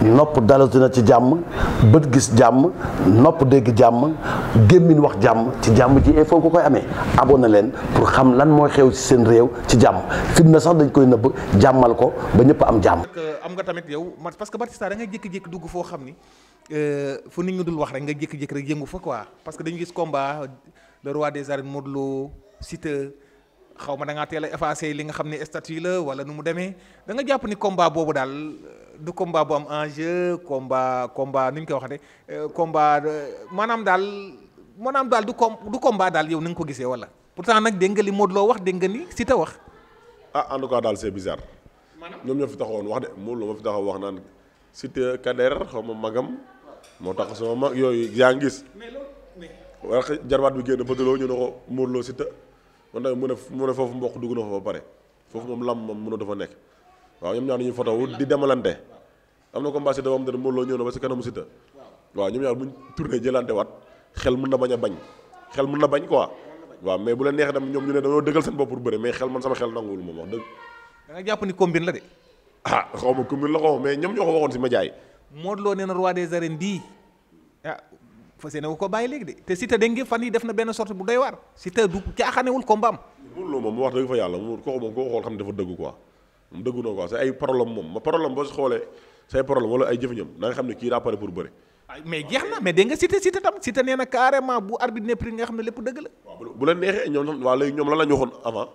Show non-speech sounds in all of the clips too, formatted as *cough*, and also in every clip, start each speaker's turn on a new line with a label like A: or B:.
A: nopp dalatu na ci jàmm bët gis jàmm nopp dégg jàmm gémmiñ wax jàmm ci jàmm ji il faut nga koy amee abonné leen pour xam lan mooy xew ci seen réew ci jàmm fitna sax dañ koy nëbb jàmmal ko ba
B: ñëpp am jàmm. am nga tamit yow parce que Batista da nga jékki-jékki dugg foo xam ni euh, fu nit ñu dul wax rek nga jékki-jékki rek yëngu fa quoi parce que dañu gis combat le roi des arènes Modou Lo Siteu xaw ma da ngaa teel a li nga xam ne statut la wala nu mu demee danga jàpp ni combat boobu daal du combat bu am enjeu combat combat nu ñu koy de euh, combat euh, maanaam daal maanaam daal du com du combat daal yow ni nga ko gisee wala pourtant
C: nag dégg nga li Modou Lo wax dégg nga ni Siteu wax. ah en tout daal c'est bizarre. maanaam ñoom ñoo fi tax woon wax de Modou Lo ma fi taxaw wax naan Siteu Kader xaw ma magam. moo tax sama mag yooyu yaa ngi gis. mais loolu mais. jarbaat bi génn bëgg ñu ne ko Modou Lo Siteu. kon tamit mu ne mu ne foofu mboq dugg na fa ba pare foofu moom lam moom mënatu fa nekk waaw ñoom ñaar ñu fotowu di demalante am na combat si dafa am te Modou na ba si kanamu Siteu waaw ñoom ñaar buñ na bañ a bañ xel bu la neexee tam ñu dëggal seen bopp pour bëre mais xel man sama xel nanguwul moom wax dëgg da nga jàpp ni combine la de ah xaw ma combine la xaw ma mais ñoom ñoo ko waxoon si média yi
B: Modou Lo nee na roi des arènes bii fas yéene wu ko bàyyi léegi de te Siteu dégg fan yi def na benn sorte bu doy waar Siteu du caaxaanewul
C: combat mu wax dëgg fa yàlla mu koo moom mu ma problème boo xoolee say problème wala ay jëfiñam da nga xam ne kii daa pare pour bëri mais jeex na mais dégg nga
B: Siteu tam Siteu nee na bu arbitre ne prix nga xam ne lépp dëgg la
C: bu la neexee ñoom waa léegi ñoom la ñu waxoon avant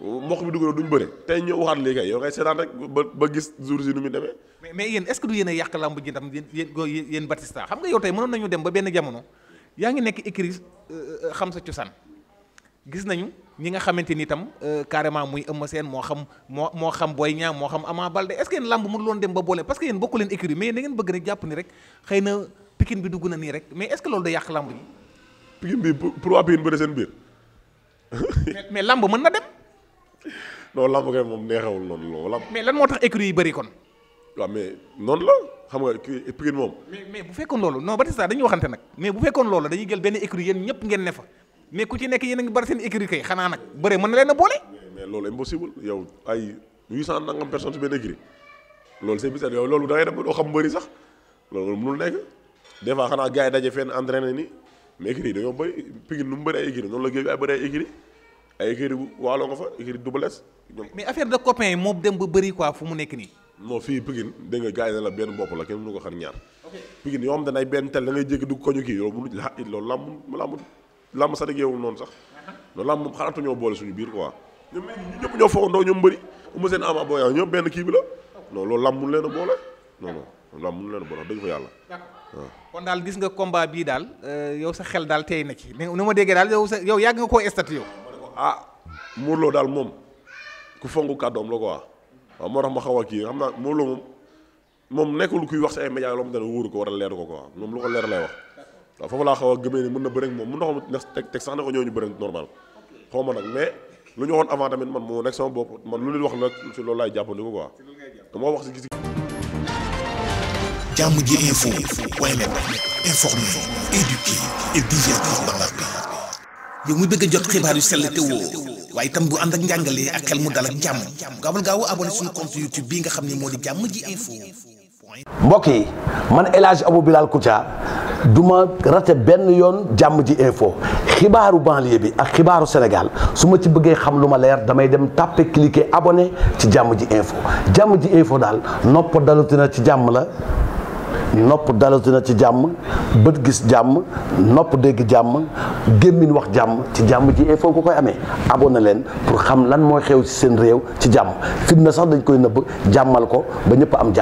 C: mboq bi dugg duñ bëre tey ñu waxaat lii kay yow ngay ba gis jour si nu mais
B: mais yéen est-ce yéen yàq làmb ji tam yéen yéen Batista xam nga yow tey mënoon ngi nekk écrit euh, euh, xam sa cosaan gis nañu ñi nga xamante ni itam euh, carrément muy Eumeu Sène moo xam moo moo xam Boy Niang moo xam Ama Baldé est-ce que yéen làmb mënu loon dem ba boole parce que yéen bokku leen écrit mais da ngeen bëgg ne jàpp ni rek xëy na pikin bi dugg na nii rek mais est-ce que loolu da yàq làmb ji.
C: pikin bi pour waa pikin bëre seen biir.
B: *laughs* mais làmb mën na dem.
C: *laughs* non làmb kay moom neexewul noonu loolu làmb. mais lan moo tax écurie yi bëri kon. waaw mais noonu la xam nga kii Pikine moom. mais mais bu
B: fekkoon loolu non Batista dañuy waxante nag mais bu fekkoon loolu dañuy jël benn écurie yéen ñëpp ngeen ne fa mais ku ci nekk yéen a ngi bari seen écurie kay xanaa nag bëre mën na leen a boole.
C: mais loolu impossible yow ay 800 nangam personnes ci benn écurie loolu c'est bizarre yow loolu da ngay dem doo xam mbëri sax loolu mënul nekk des fois xanaa gars yi daje fenn entraîné ni mais écurie yi dañoo bëri Pikine nu mu bëri ay écurie noonu la géej ay bëri ay écurie ay écurie waaloo nga fa écurie Double Less mais affaire de copain yi moo dem ba bëri quoi fu mu nekk nii. non fii Pikine dégg nga gars yi ne la benn bopp la kenn mënu ko xar ñaar. ok Pikine yoo xam ne ay benn tel ñoo boole suñu ñoom ñun ñëpp ñoo foogandoo ñoom bëri benn kii bi la. non loolu làmb mënu leen a boole. non non loolu làmb mënu leen a boole wax dëgg fa yàlla. waaw kon
B: daal gis nga combat bii daal euh, yow sa xel daal tey na ni ma déggee daal yow sa yow nga koo statut yow
C: ah Modou Lo daal moom ku fonk kàddoom la quoi waaw moo tax ma xaw a kii xam naa Modou Lo moom moom nekkul kuy wax si ay médias yoo xamante ne wóoru ko war ko quoi moom lu leer lay wax laa xaw mën na bëri moom mën na xam ne teg teg sax ne ko ñooñu bëri normal xaw ma nag mais lu ñu waxoon avant tamit man moo nekk sama bopp man lu nit wax nag si loolu laay jàppandi ko quoi moo wax si gis
B: jàmm ji info point net yow mu bëgg a xibaar yu sell waaye itam bu ànd ak njàngalee ak xel mu dal ak jàmm nga xam ne moo di jàmm ji info
A: mbokk yi man El Hadj Abou Bilal Koutia du ma rate benn yoon jàmm ji info xibaaru banlieue bi ak xibaaru Sénégal su ma ci bëggee xam lu ma leer damay dem tàppe cliquer abone ci jàmm ji info jàmm ji info daal nopp dalutina ci jàmm la nopp dalatu na ci jàmm bët gis jàmm nopp dégg jàmm gémmiñ wax jàmm ci jàmm ji il foog nga koy amee na leen pour xam lan mooy xew ci seen réew ci jàmm fitna sax dañ koy nëbb jàmmal ko ba ñëpp am jàmm